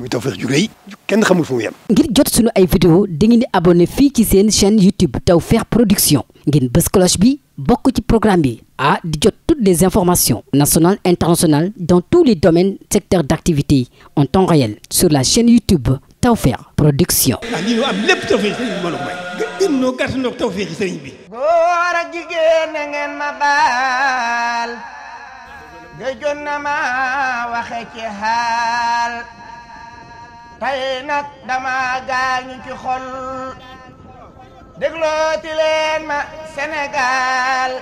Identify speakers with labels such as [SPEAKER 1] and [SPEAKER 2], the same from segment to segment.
[SPEAKER 1] muy Tawfekh ju rëy kenn xamul fu mu ngir jot sunu ay vidéo dangeen di abonné fii ci seen chaîne YouTube Tawfekh Production ngeen bës bi bokk ci programme bi a di jot toutes les informations nationales internationales dans tous les domaines secteurs d'activité en temps réel sur la chaîne YouTube Tawfekh Production.
[SPEAKER 2] ah lii ñu am lépp Tawfekh sëriñ bi mbooloo mooy. gën gën ñoo jigéen na ngeen ma baal. gëjoon na ma waxe ci xaal. tey nag dama gaañu ci xol déglooti leen ma Sénégal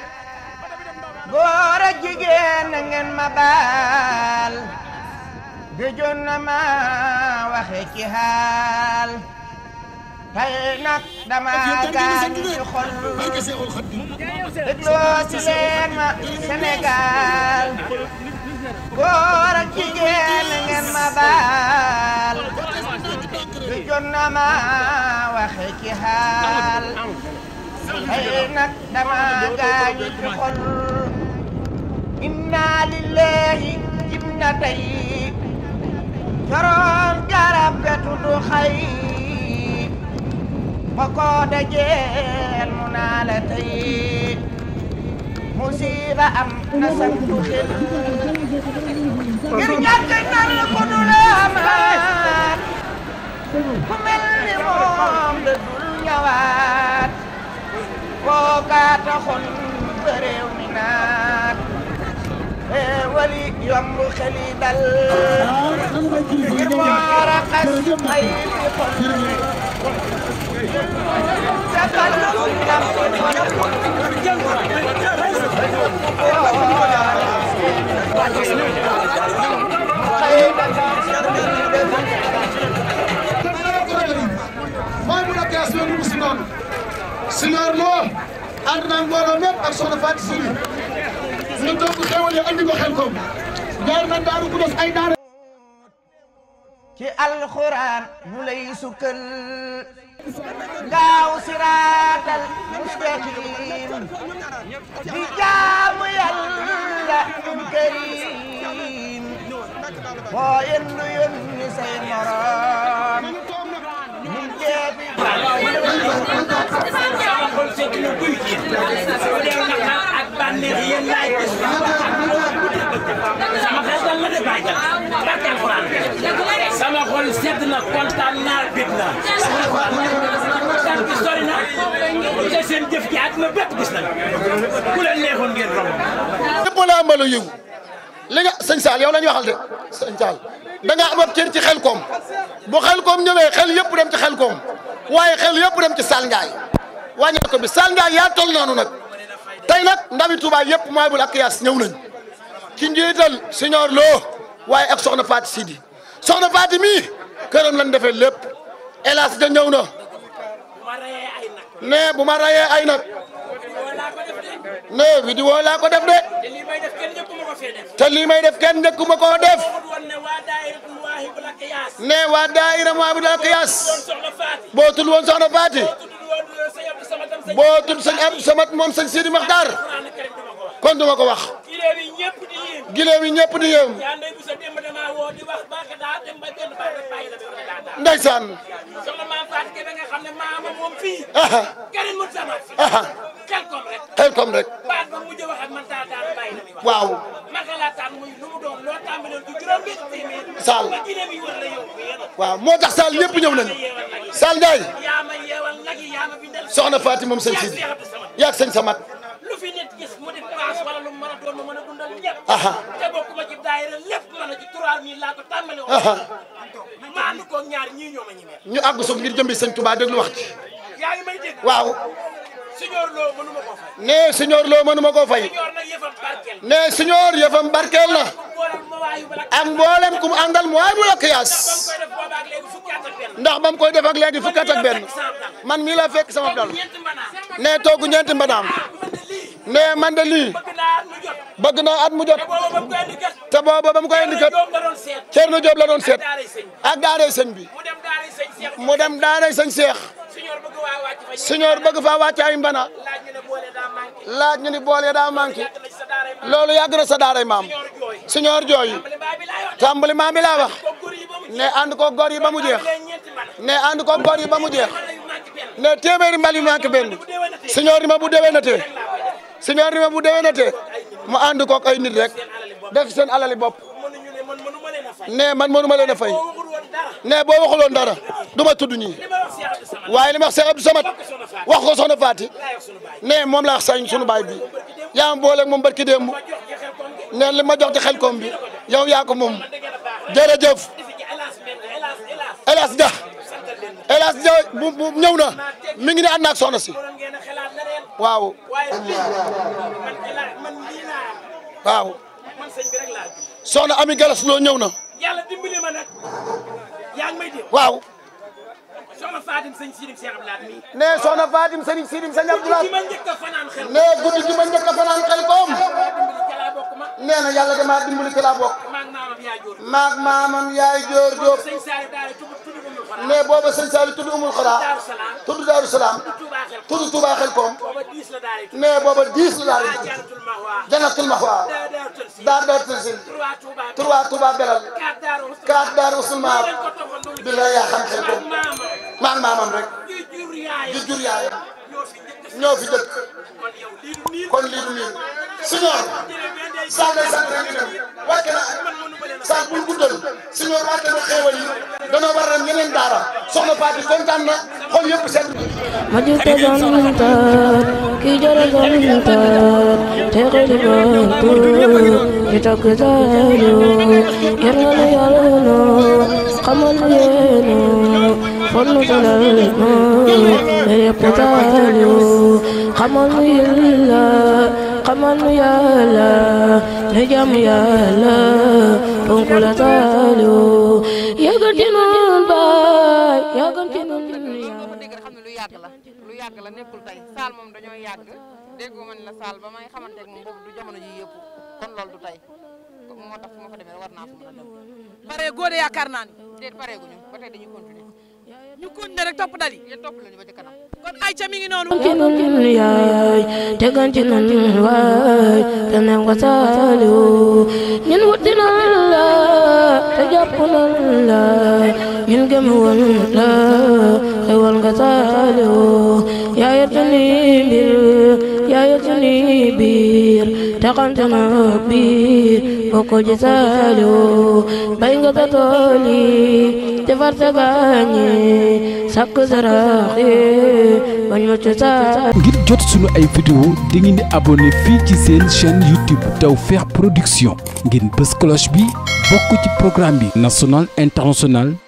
[SPEAKER 2] góor jigéen na ngeen ma baal gëjoon na ma waxe ci xaal tey nag dama gaañu
[SPEAKER 1] ci xol déglooti leen ma Sénégal
[SPEAKER 2] góor jigéen na ngeen ma baal ma waxee ci xaal
[SPEAKER 1] xëy nag dama gaañu ci
[SPEAKER 2] xol inna lillahi jim na tey coroon garab ga tudd xay ba koo dajeel mu naa la tey musiba am na santu xel ngir ñàkk nar ko du la ma taxoon ba réew mi naan wali yomb xel yi dal ngir moo
[SPEAKER 1] raxas ay di xol jàppal ndam xëy na mooy bu la tees loolu si noonu si noonu moom ànd naa mbooloo mépp ak soxna Fatou Sy ñu togg xewal yi andi ko Xelkom jaar na daaru ku des ay daara ci alxuraan mu lay sukkal gaaw siraatal
[SPEAKER 2] mustaqim di jaamu yàlla karim boo yendu yónni say waay barke alxuraan sama xol sedd na kontaan naa bég naa sant bi sori na te
[SPEAKER 1] seen jëf ji àdduna bépp gis nañ
[SPEAKER 2] ku leen neexoon ngeen romb
[SPEAKER 1] ñëpp laa mën a yëngu li nga sëñ Saal yow la ñu waxal de sëñ Saal da ngaa am ab cër ci xel koom bu xel koom ñëwee xel yëpp dem ci xel koom waaye xel yëpp dem ci Saal Ndiaye wàññi ko bi Saal Ndiaye yaa toll noonu nag tey nag ndawi Touba yëpp maabul ak yaas ñëw nañ ci njiital Seigneur Lo waaye ak soxna Fatou Sidi soxna Fatou mii këram lañ defee lépp hélas da ñëw na ne bu ma rayee ay nag ne vidéo laa ko def de
[SPEAKER 2] te lii may def kenn njëkkuma koo def ne waa daayira Mouwahibou Al Qiyaas boo tudd woon soxna Faati
[SPEAKER 1] boo tudd sëñ Abdou Samad moom sëñ Sidi Maxtaar kon duma ko wax
[SPEAKER 2] gileem yi ñëpp di yem. ndeysaan. xel kom rek. waaw.
[SPEAKER 1] Saal. waaw moo tax Saal ñëpp ñëw nañu. Saal Ndiaye. soxna Fatima moom sëñ Sidi.
[SPEAKER 2] yaag sëñ Samat. te bokkuma ci daayira lépp mën na ci 3000 laa ko tàmbali woon.
[SPEAKER 1] ñu àgg soog ngir jëmbi sëñ Touba déglu wax ci.
[SPEAKER 2] yaa ngi may dégg. waaw. Seigneur Lo mënuma koo
[SPEAKER 1] fay. nee Seigneur Lo mënuma koo fay. nee Seigneur yëfam barkeel na. ak mboolem ku mu mu waay mu la kiyaas.
[SPEAKER 2] ndax ba koy def ak léegi fukki man mii la fekk sama dal. nee toogu ñeenti mbanaam.
[SPEAKER 1] nee man bëgg na at mu jot te booba ba mu koy indi kat
[SPEAKER 2] Thierno Diop la doon seet ak daaray sëñ bi
[SPEAKER 1] mu dem daaray sëñ Cheikh
[SPEAKER 2] siñoor bëgg faa wàcc ay mbana
[SPEAKER 1] laaj ñu ni boole daa manqué loolu yàgg na sa daaray maam siñoor jooy tàmbali maam bi laa wax ne ànd ko gor ba mu jeex ne ànd ko gor ba mu jeex ne téeméeri mbal yu manqué benn ni ma bu déwénatee siñoor ni ma bu déwénatee mu ànd kook ay nit rek def seen alali bopp ne man mënu ma leen a fay
[SPEAKER 2] ne boo waxul woon dara du ma tudd ñii waaye li ma wax Cheikh Abdou Samad wax ko soxna Faati
[SPEAKER 1] ne moom laa wax sañ sunu baay bi yaa ma booleeg moom barki démb ne ma jox ci xel koom bi yow yaa ko moom jërëjëf hélas ja hélas ñëw na mi ngi ne soxna si waaw. waaw. soxna Ami Galas loo ñëw na.
[SPEAKER 2] yàlla dimbali ma nag.
[SPEAKER 1] yaa ngi may dégg. waaw.
[SPEAKER 2] soxna Fatim sëñ Sidim Cheikh Abdoulaye mii. nee
[SPEAKER 1] soxna Fatim sëñ Sidim sëñ Abdoulaye.
[SPEAKER 2] nee guddi gi ma njëkk a fanaan xel koom.
[SPEAKER 1] nee na yàlla di dimbali ci laa bokk. maag maamam yaay joor Diop.
[SPEAKER 2] nee booba sëñ Saliou tudd Umul Xara. tudd Daaru Salaam. turu Touba xel koom mais booba diis la daal di janatul mahwa
[SPEAKER 1] daar daartul sin trois Touba belal quatre daar usulmaar bi la yaa xam xel koom maan maamam rek
[SPEAKER 2] di jur yaayam
[SPEAKER 1] fi dëkk kon lii miin siñoor saa ngay sant rek ñu dem wàcc na saa buñ guddal siñoor wàcc na yeneen daara soxna Fatou kontaan na xool yëpp ma jiite zonta
[SPEAKER 2] ki jële zonta teeku di baabu di takk noo xamal yéenoo fon mu dalal noo yëpp zaalu xamal yàlla xamal yàlla ne jàmm yàlla fonk nun baay yaa gën ci nun yaa dégg xam ne lu yàgg la lu yàgg la nekkul tey saal moom dañoo yàgg déggoo man la saal ba may xamante ak moom boobu du jamono ji yëpp kon loolu du tey moo tax fu ma fa demee war naa fu mën a dem pare góode yaakaar naa ni déet pare guñu ba tey dañuy continuer ñu continuer rek topp dali ya topp lañu ba ci kanam kon ay ca mi ngi noonu ci nun yaay tegan ci nun waay te nem ko saaliw ñun wuti nan la te jàpp nan la ñun gëm woon la xewal nga saalewoo yaa yor sunu mbir yaa yor sunu biir taxante na biir bokko ji saalewoo bay nga sa tool yi defar sa gaañi sàkk sa raxi bañ ma ci ngir jot sunu ay vidéo di ngeen di abonné fii ci seen chaîne YouTube Tawfekh Production ngeen bës cloche bi bokk ci programme bi national international